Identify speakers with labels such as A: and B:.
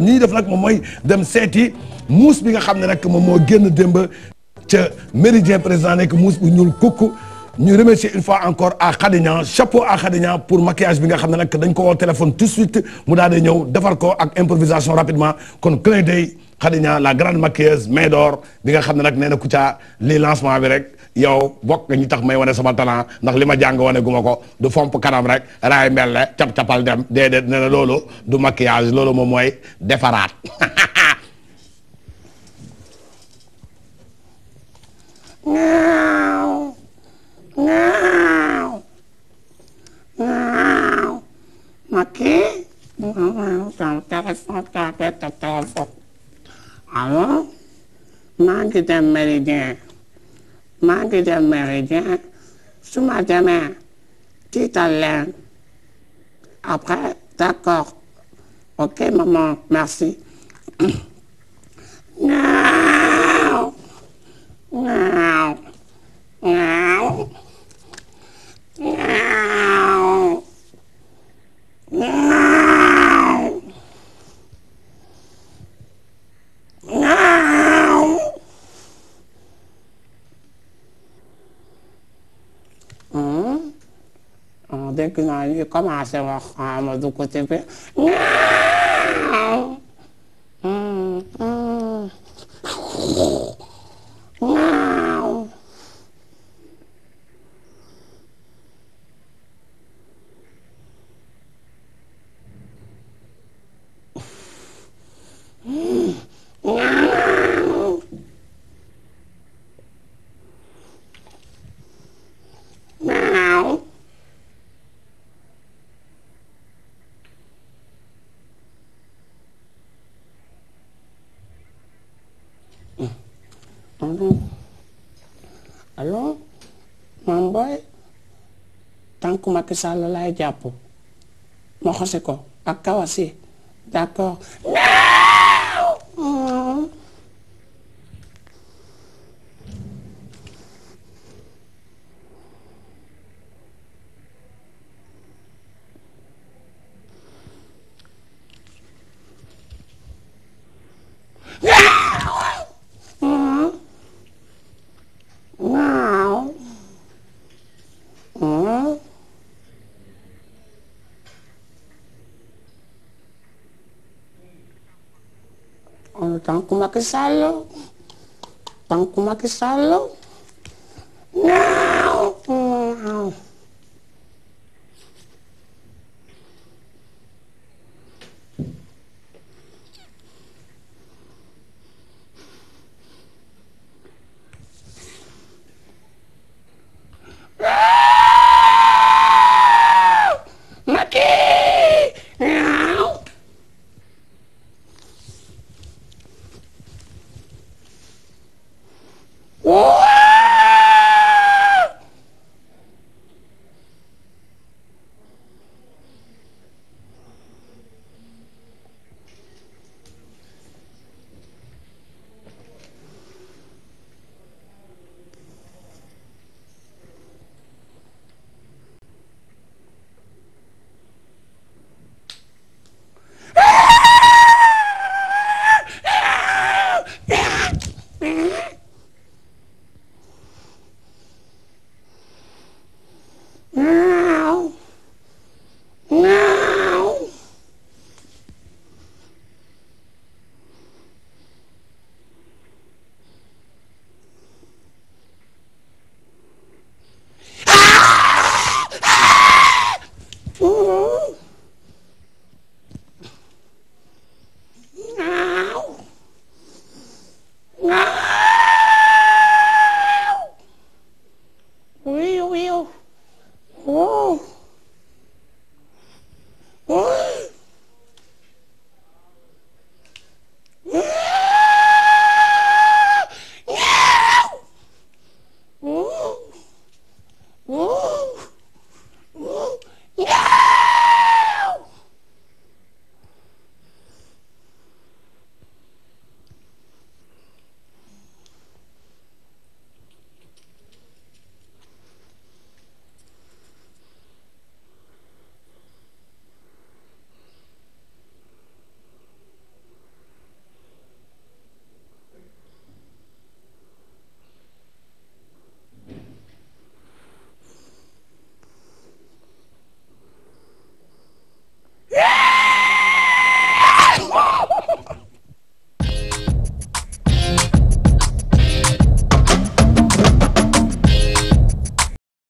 A: ni ñuy def nag moom mooy dem seeti muus bi nga xam ne nag moom moo génn démb ca méridien président nekk muus bu ñuul kukk ñu remercier une fois encore à Khadinian chapeau à Khadinian pour maquillage bi nga xam ne nag dañ ko woo téléphone tout de suite mu daal di ñëw defar ko ak improvisation rapidement kon clin d'œil Khadinian la grande maquilleuse main d'or bi nga xam ne nag nee na ca lii lancement bi rek yow bokk nga ñu tax may wane sama talent ndax li ma jàng wane gu ko du fomp kanam rek raay mel ne cap capal dem déedéet ne na loolu du maquillage loolo moom mooy defaraat.
B: ñaaw ñaaw ñaaw Macky. allo. maa ngi dem Méridien. maa ngi dem méridien su ma demee tiital leen après d'accord ok maman merci dégg naa ñuy commencé wax Amadou côté bi ñaaw bi alors man booy tànku Macky Sall laay jàpp ma xose ko ak kawasi d'accord tànku Macky Sall tànku Macky Sall